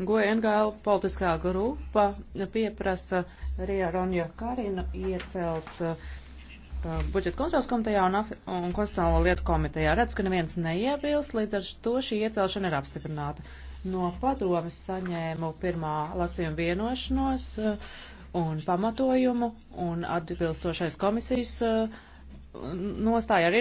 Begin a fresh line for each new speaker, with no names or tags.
GNGL politiskā grupa pieprasa Rija Ronja Karinu iecelt uh, budžeta kontrols komitejā un, un konstitucionālo lietu komitejā. Redz, ka neviens neiebilst, līdz ar to šī iecelšana ir apstiprināta. No padomas saņēmu pirmā lasījuma vienošanos uh, un pamatojumu un atbilstošais komisijas uh,
nostāja arī